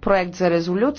проект за резолюция.